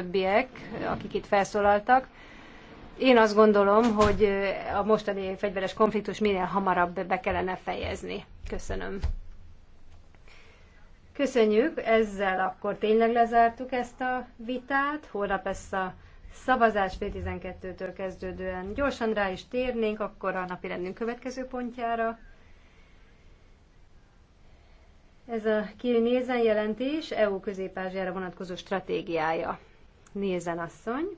többiek, akik itt felszólaltak. Én azt gondolom, hogy a mostani fegyveres konfliktus minél hamarabb be kellene fejezni. Köszönöm. Köszönjük, ezzel akkor tényleg lezártuk ezt a vitát. Holnap lesz a szavazás fél 12-től kezdődően. Gyorsan rá is térnénk akkor a napi rendünk következő pontjára. Ez a kinézen jelentés EU közép vonatkozó stratégiája. Nézen asszony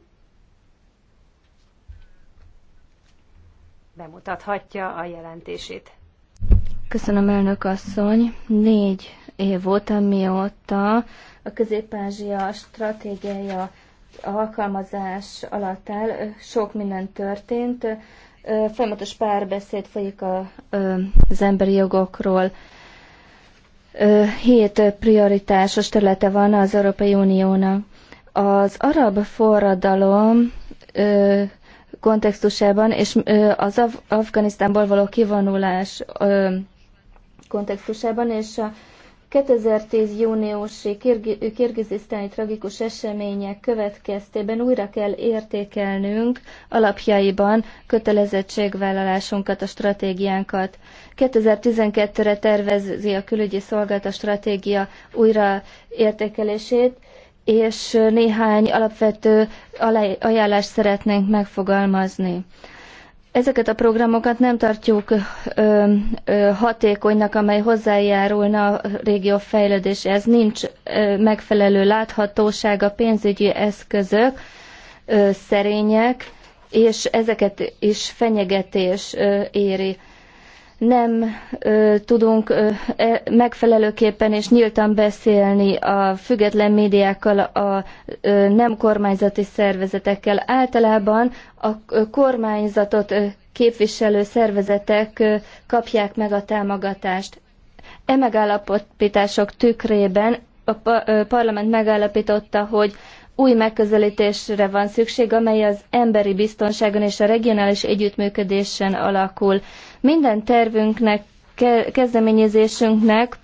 bemutathatja a jelentését. Köszönöm, elnök asszony. Négy év óta, mióta a közép-ázsia stratégiai alkalmazás alatt áll, sok minden történt. Folyamatos párbeszéd folyik a, az emberi jogokról. Hét prioritásos területe van az Európai Uniónak az arab forradalom ö, kontextusában és ö, az Af- Afganisztánból való kivonulás ö, kontextusában és a 2010 júniusi kirgizisztáni tragikus események következtében újra kell értékelnünk alapjaiban kötelezettségvállalásunkat, a stratégiánkat. 2012-re tervezi a külügyi szolgálat a stratégia újra értékelését, és néhány alapvető ajánlást szeretnénk megfogalmazni. Ezeket a programokat nem tartjuk ö, ö, hatékonynak, amely hozzájárulna a régió fejlődéséhez. Nincs ö, megfelelő láthatóság, a pénzügyi eszközök ö, szerények, és ezeket is fenyegetés ö, éri nem ö, tudunk ö, e, megfelelőképpen és nyíltan beszélni a független médiákkal, a ö, nem kormányzati szervezetekkel. Általában a kormányzatot képviselő szervezetek kapják meg a támogatást. E megállapítások tükrében a parlament megállapította, hogy új megközelítésre van szükség, amely az emberi biztonságon és a regionális együttműködésen alakul. Minden tervünknek, kezdeményezésünknek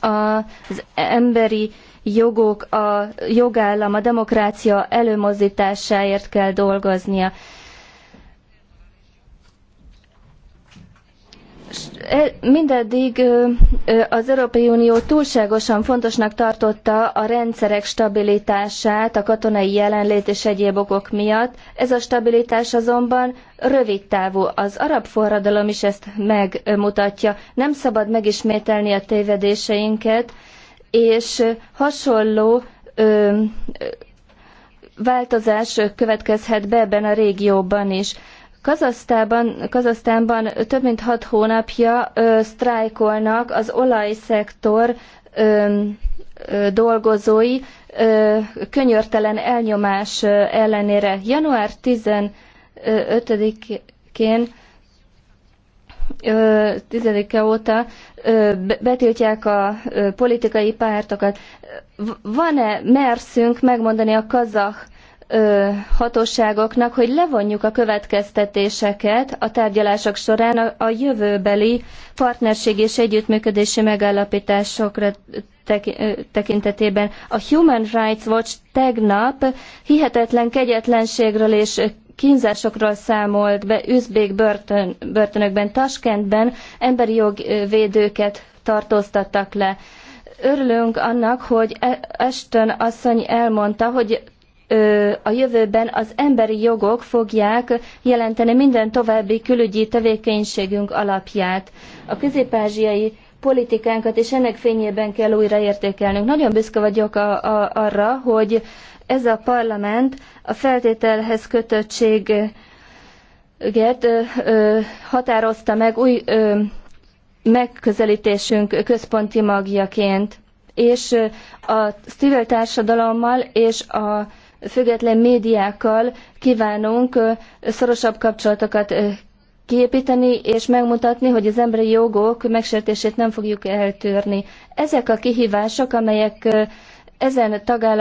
az emberi jogok, a jogállam, a demokrácia előmozdításáért kell dolgoznia. E, mindeddig az Európai Unió túlságosan fontosnak tartotta a rendszerek stabilitását a katonai jelenlét és egyéb okok miatt. Ez a stabilitás azonban rövid távú. Az arab forradalom is ezt megmutatja. Nem szabad megismételni a tévedéseinket, és hasonló változás következhet be ebben a régióban is. Kazasztában, Kazasztánban több mint hat hónapja ö, sztrájkolnak az olajszektor ö, ö, dolgozói ö, könyörtelen elnyomás ellenére. Január 15-én 10 óta betiltják a politikai pártokat. Van-e merszünk megmondani a kazah hatóságoknak, hogy levonjuk a következtetéseket a tárgyalások során a, jövőbeli partnerség és együttműködési megállapításokra tekintetében. A Human Rights Watch tegnap hihetetlen kegyetlenségről és kínzásokról számolt be üzbék börtön, börtönökben, Taskentben emberi jogvédőket tartóztattak le örülünk annak, hogy e-, Ashton asszony elmondta, hogy a jövőben az emberi jogok fogják jelenteni minden további külügyi tevékenységünk alapját. A közép-ázsiai politikánkat, és ennek fényében kell újraértékelnünk. Nagyon büszke vagyok a, a, arra, hogy ez a parlament a feltételhez kötöttséget ö, ö, határozta meg új ö, megközelítésünk központi magjaként. És a civil társadalommal és a független médiákkal kívánunk szorosabb kapcsolatokat kiépíteni és megmutatni, hogy az emberi jogok megsértését nem fogjuk eltörni. Ezek a kihívások, amelyek ezen,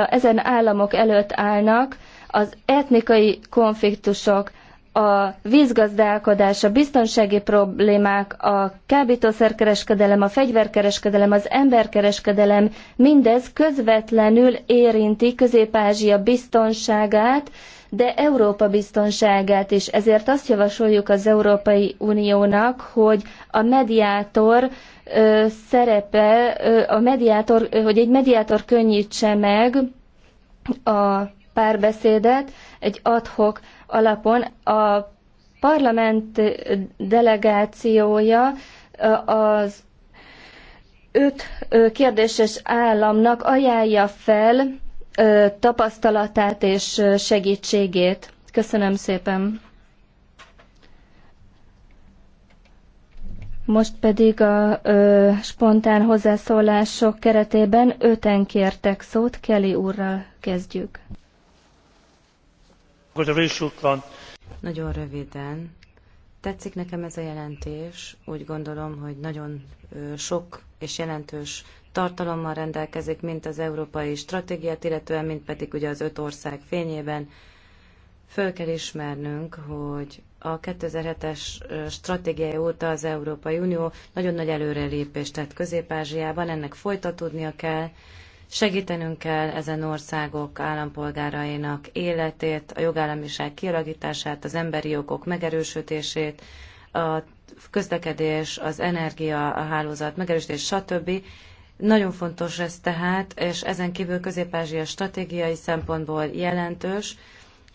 ezen államok előtt állnak, az etnikai konfliktusok, a vízgazdálkodás, a biztonsági problémák, a kábítószerkereskedelem, a fegyverkereskedelem, az emberkereskedelem, mindez közvetlenül érinti Közép-Ázsia biztonságát, de Európa biztonságát is. Ezért azt javasoljuk az Európai Uniónak, hogy a mediátor ö, szerepe, ö, a mediátor, ö, hogy egy mediátor könnyítse meg a párbeszédet, egy adhok alapon a parlament delegációja az öt kérdéses államnak ajánlja fel tapasztalatát és segítségét. Köszönöm szépen. Most pedig a ö, spontán hozzászólások keretében öten kértek szót, Kelly úrral kezdjük. Nagyon röviden. Tetszik nekem ez a jelentés. Úgy gondolom, hogy nagyon sok és jelentős tartalommal rendelkezik, mint az európai stratégiát, illetően, mint pedig ugye az öt ország fényében. Föl kell ismernünk, hogy a 2007-es stratégiai óta az Európai Unió nagyon nagy előrelépést tett Közép-Ázsiában, ennek folytatódnia kell, Segítenünk kell ezen országok állampolgárainak életét, a jogállamiság kialakítását, az emberi jogok megerősödését, a közlekedés, az energia, a hálózat megerősítés, stb. Nagyon fontos ez tehát, és ezen kívül Közép-Ázsia stratégiai szempontból jelentős,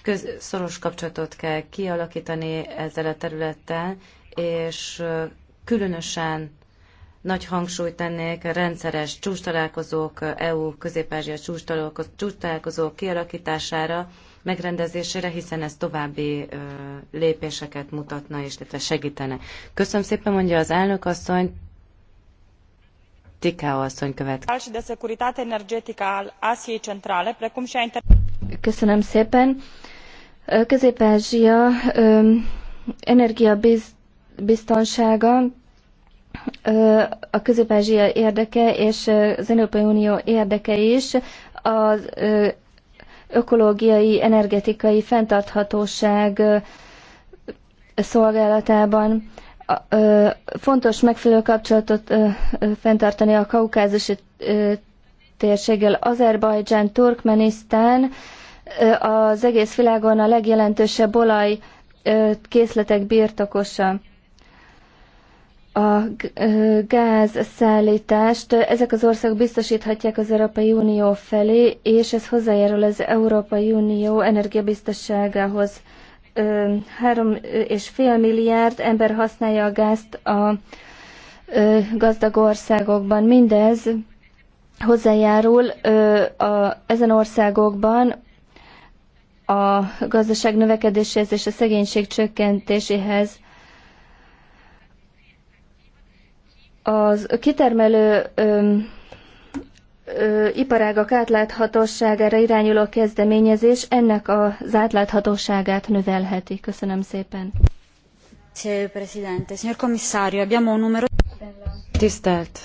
köz, szoros kapcsolatot kell kialakítani ezzel a területtel, és különösen nagy hangsúlyt tennék a rendszeres csúcstalálkozók, EU közép-ázsia csúcstalálkozók kialakítására, megrendezésére, hiszen ez további ö, lépéseket mutatna és illetve segítene. Köszönöm szépen, mondja az elnök asszony. Tikao asszony következik. Köszönöm szépen. Közép-Ázsia energiabiztonsága a közép érdeke és az Európai Unió érdeke is az ökológiai, energetikai fenntarthatóság szolgálatában. Fontos megfelelő kapcsolatot fenntartani a kaukázusi térséggel. Azerbajdzsán, Turkmenisztán az egész világon a legjelentősebb olaj készletek birtokosa a gázszállítást ezek az országok biztosíthatják az Európai Unió felé, és ez hozzájárul az Európai Unió energiabiztosságához. Három és fél milliárd ember használja a gázt a gazdag országokban. Mindez hozzájárul a, ezen országokban a gazdaság növekedéséhez és a szegénység csökkentéséhez. Az kitermelő ö, iparágak átláthatóságára irányuló kezdeményezés ennek az átláthatóságát növelheti. Köszönöm szépen. Tisztelt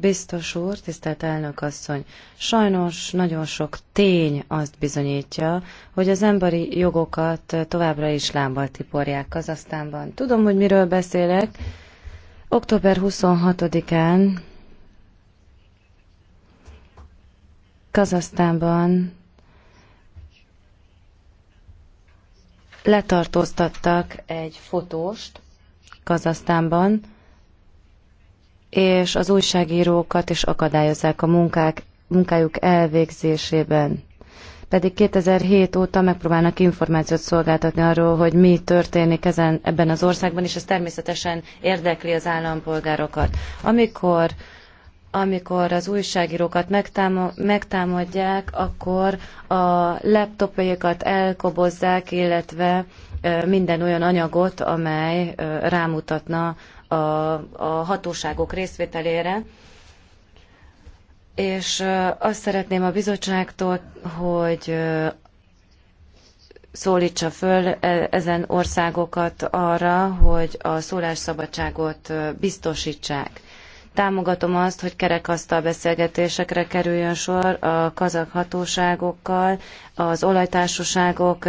biztos úr, tisztelt elnök asszony! Sajnos nagyon sok tény azt bizonyítja, hogy az emberi jogokat továbbra is lámbal tiporják Kazasztánban. Tudom, hogy miről beszélek, Október 26-án Kazasztánban letartóztattak egy fotóst Kazasztánban, és az újságírókat is akadályozzák a munkák, munkájuk elvégzésében pedig 2007 óta megpróbálnak információt szolgáltatni arról, hogy mi történik ezen, ebben az országban, és ez természetesen érdekli az állampolgárokat. Amikor amikor az újságírókat megtámadják, akkor a laptopjaikat elkobozzák, illetve minden olyan anyagot, amely rámutatna a, a hatóságok részvételére és azt szeretném a bizottságtól, hogy szólítsa föl e, ezen országokat arra, hogy a szólásszabadságot biztosítsák. Támogatom azt, hogy kerekasztal beszélgetésekre kerüljön sor a kazak hatóságokkal, az olajtársaságok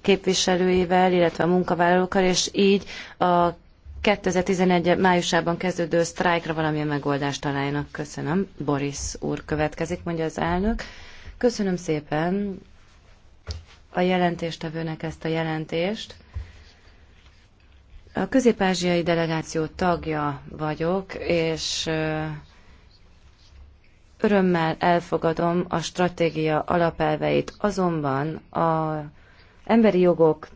képviselőivel, illetve a munkavállalókkal, és így a 2011 májusában kezdődő sztrájkra valamilyen megoldást találjanak. Köszönöm. Boris úr következik, mondja az elnök. Köszönöm szépen a jelentéstevőnek ezt a jelentést. A közép-ázsiai delegáció tagja vagyok, és örömmel elfogadom a stratégia alapelveit, azonban a emberi jogok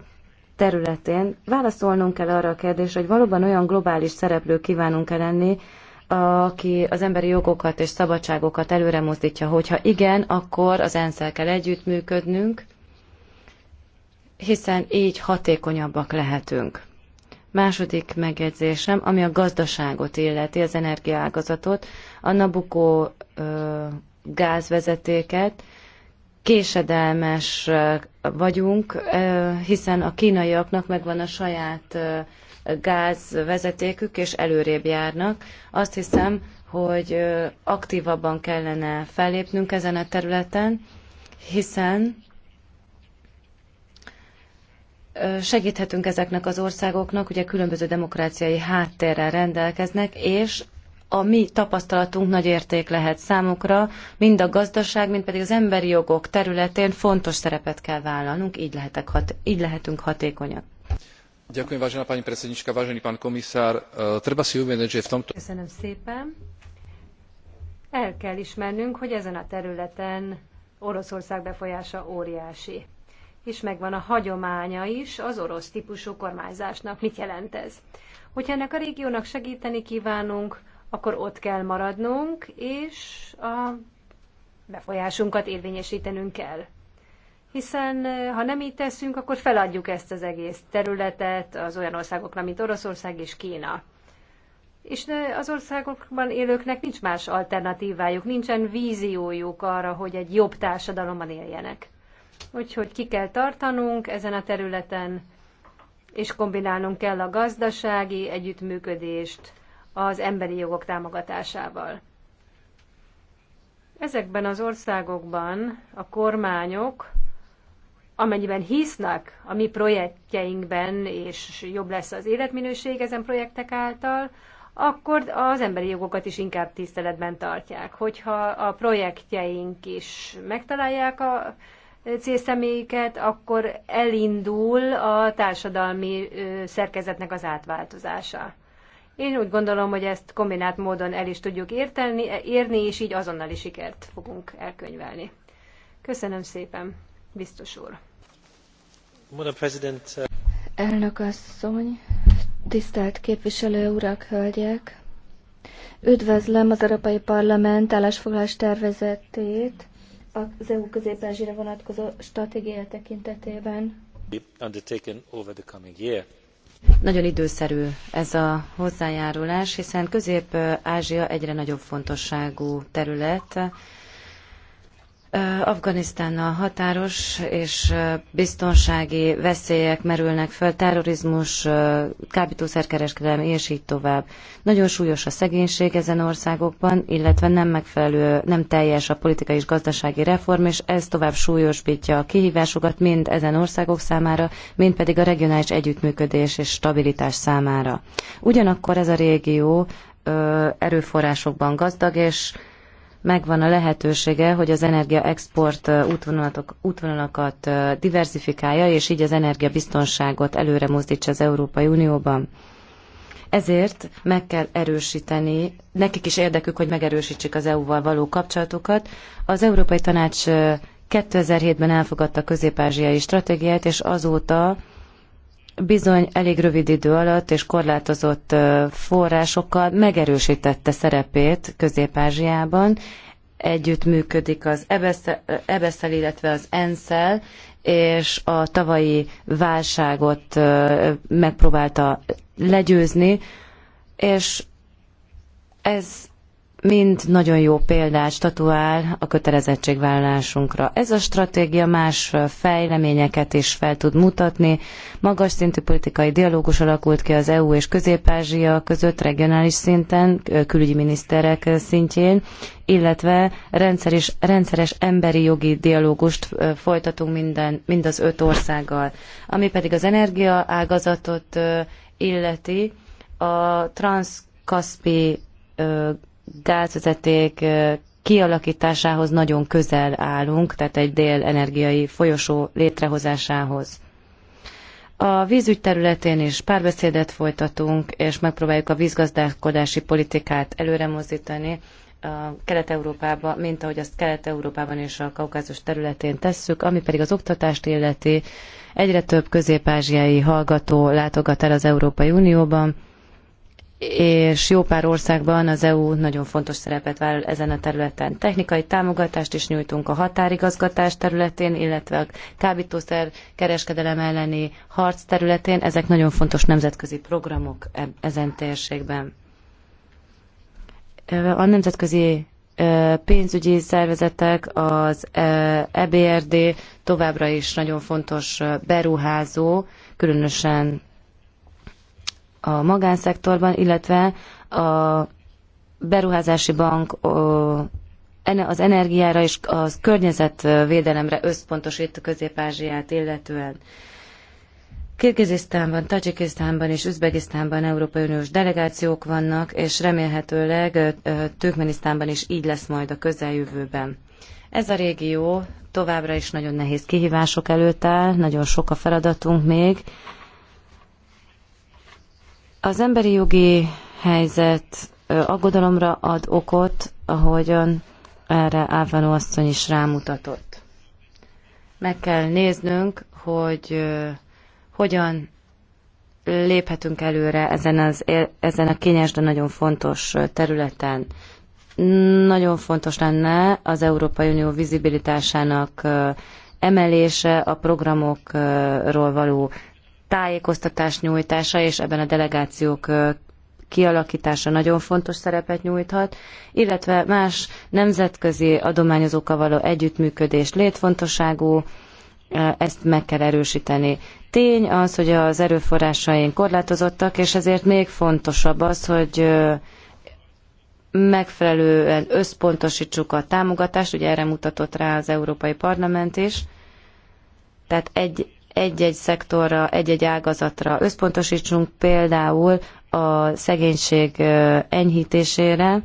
területén válaszolnunk kell arra a kérdésre, hogy valóban olyan globális szereplő kívánunk-e lenni, aki az emberi jogokat és szabadságokat előre mozdítja, hogyha igen, akkor az ensz kell együttműködnünk, hiszen így hatékonyabbak lehetünk. Második megjegyzésem, ami a gazdaságot illeti, az energiaágazatot, a Nabucco ö, gázvezetéket, késedelmes vagyunk, hiszen a kínaiaknak megvan a saját gázvezetékük, és előrébb járnak. Azt hiszem, hogy aktívabban kellene fellépnünk ezen a területen, hiszen segíthetünk ezeknek az országoknak, ugye különböző demokráciai háttérrel rendelkeznek, és a mi tapasztalatunk nagy érték lehet számukra, mind a gazdaság, mind pedig az emberi jogok területén fontos szerepet kell vállalnunk, így, lehetek hat, így lehetünk hatékonyak. Ďakujem, vážená pani predsednička, vážený pán komisár. E, treba si uvedomiť, že v tomto... Köszönöm szépen. El kell ismernünk, hogy ezen a területen Oroszország befolyása óriási. És megvan a hagyománya is az orosz típusú kormányzásnak. Mit jelent ez? Hogyha ennek a régiónak segíteni kívánunk, akkor ott kell maradnunk, és a befolyásunkat érvényesítenünk kell. Hiszen eh, ha nem így teszünk, akkor feladjuk ezt az egész területet az olyan országokra, mint Oroszország és Kína. És eh, az országokban élőknek nincs más alternatívájuk, nincsen víziójuk arra, hogy egy jobb társadalomban éljenek. Úgyhogy ki kell tartanunk ezen a területen, és kombinálnunk kell a gazdasági együttműködést az emberi jogok támogatásával. Ezekben az országokban a kormányok, amennyiben hisznek a mi projektjeinkben, és jobb lesz az életminőség ezen projektek által, akkor az emberi jogokat is inkább tiszteletben tartják. Hogyha a projektjeink is megtalálják a célszemélyüket, akkor elindul a társadalmi szerkezetnek az átváltozása. Én úgy gondolom, hogy ezt kombinált módon el is tudjuk érteni, érni, és így azonnali sikert fogunk elkönyvelni. Köszönöm szépen, biztos úr. President. Uh, Elnök asszony, tisztelt képviselő urak, hölgyek! Üdvözlöm az Európai Parlament állásfoglalás tervezetét az EU közép vonatkozó stratégiája tekintetében. Undertaken over the coming year. Nagyon időszerű ez a hozzájárulás, hiszen Közép-Ázsia egyre nagyobb fontosságú terület, Afganisztánnal határos és biztonsági veszélyek merülnek föl, terrorizmus, kábítószerkereskedelem és így tovább. Nagyon súlyos a szegénység ezen országokban, illetve nem megfelelő, nem teljes a politikai és gazdasági reform, és ez tovább súlyosbítja a kihívásokat mind ezen országok számára, mind pedig a regionális együttműködés és stabilitás számára. Ugyanakkor ez a régió erőforrásokban gazdag, és megvan a lehetősége, hogy az energiaexport útvonalakat diversifikálja, és így az energiabiztonságot előre mozdítsa az Európai Unióban. Ezért meg kell erősíteni, nekik is érdekük, hogy megerősítsék az EU-val való kapcsolatokat. Az Európai Tanács 2007-ben elfogadta a közép-ázsiai stratégiát, és azóta bizony elég rövid idő alatt és korlátozott forrásokkal megerősítette szerepét Közép-Ázsiában. Együtt működik az EBSZ-el, illetve az ensz és a tavalyi válságot megpróbálta legyőzni, és ez mind nagyon jó példát statuál a kötelezettségvállalásunkra. Ez a stratégia más fejleményeket is fel tud mutatni. Magas szintű politikai dialógus alakult ki az EU és Közép-Ázsia között regionális szinten, külügyi miniszterek szintjén, illetve rendszeres, rendszeres emberi jogi dialógust folytatunk minden, mind az öt országgal. Ami pedig az energia ágazatot illeti, a transzkaszpi gázvezeték kialakításához nagyon közel állunk, tehát egy energiai folyosó létrehozásához. A vízügy területén is párbeszédet folytatunk, és megpróbáljuk a vízgazdálkodási politikát előremozdítani Kelet-Európába, mint ahogy azt Kelet-Európában és a kaukázus területén tesszük, ami pedig az oktatást illeti. Egyre több közép-ázsiai hallgató látogat el az Európai Unióban, és jó pár országban az EU nagyon fontos szerepet vállal ezen a területen. Technikai támogatást is nyújtunk a határigazgatás területén, illetve a kábítószer kereskedelem elleni harc területén. Ezek nagyon fontos nemzetközi programok e- ezen térségben. A nemzetközi pénzügyi szervezetek, az EBRD továbbra is nagyon fontos beruházó, különösen a magánszektorban, illetve a beruházási bank az energiára és a környezetvédelemre összpontosít Közép-Ázsiát illetően. Kirgizisztánban, Tajikisztánban és Üzbegisztánban Európai Uniós delegációk vannak, és remélhetőleg Türkmenisztánban is így lesz majd a közeljövőben. Ez a régió továbbra is nagyon nehéz kihívások előtt áll, nagyon sok a feladatunk még, az emberi jogi helyzet aggodalomra ad okot, ahogyan erre Ávánó asszony is rámutatott. Meg kell néznünk, hogy hogyan léphetünk előre ezen, az, ezen a kényes, de nagyon fontos területen. Nagyon fontos lenne az Európai Unió vizibilitásának emelése, a programokról való tájékoztatás nyújtása, és ebben a delegációk kialakítása nagyon fontos szerepet nyújthat, illetve más nemzetközi adományozókkal való együttműködés létfontosságú, ezt meg kell erősíteni. Tény az, hogy az erőforrásaink korlátozottak, és ezért még fontosabb az, hogy megfelelően összpontosítsuk a támogatást, ugye erre mutatott rá az Európai Parlament is, tehát egy egy-egy szektorra, egy-egy ágazatra összpontosítsunk, például a szegénység enyhítésére.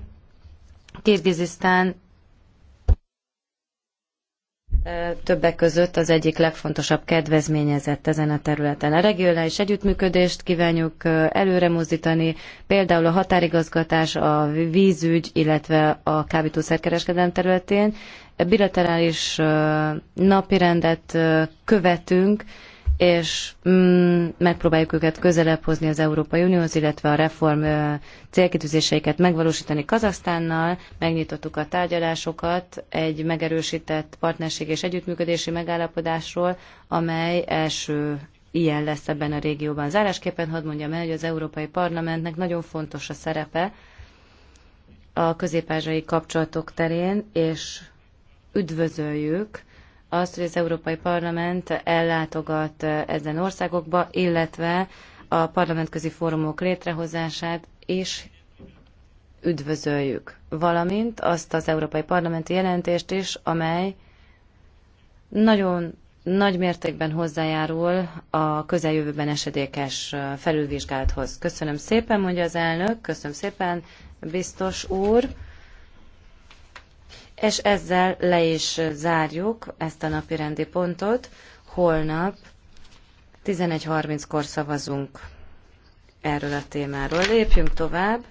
Kirgizisztán többek között az egyik legfontosabb kedvezményezett ezen a területen. A regionális együttműködést kívánjuk előre mozdítani, például a határigazgatás, a vízügy, illetve a kábítószerkereskedelem területén, bilaterális napirendet követünk, és mm, megpróbáljuk őket közelebb hozni az Európai Unióhoz, illetve a reform célkitűzéseiket megvalósítani Kazasztánnal. Megnyitottuk a tárgyalásokat egy megerősített partnerség és együttműködési megállapodásról, amely első ilyen lesz ebben a régióban. Zárásképpen hadd mondjam el, hogy az Európai Parlamentnek nagyon fontos a szerepe a közép kapcsolatok terén, és üdvözöljük azt, hogy az Európai Parlament ellátogat eh, ezen országokba, illetve a parlamentközi fórumok létrehozását is üdvözöljük, valamint azt az Európai Parlamenti jelentést is, amely nagyon nagy mértékben hozzájárul a közeljövőben esedékes eh, felülvizsgálathoz. Köszönöm szépen, mondja az elnök, köszönöm szépen, biztos úr. És ezzel le is zárjuk ezt a napi rendi pontot. Holnap 11.30-kor szavazunk erről a témáról. Lépjünk tovább.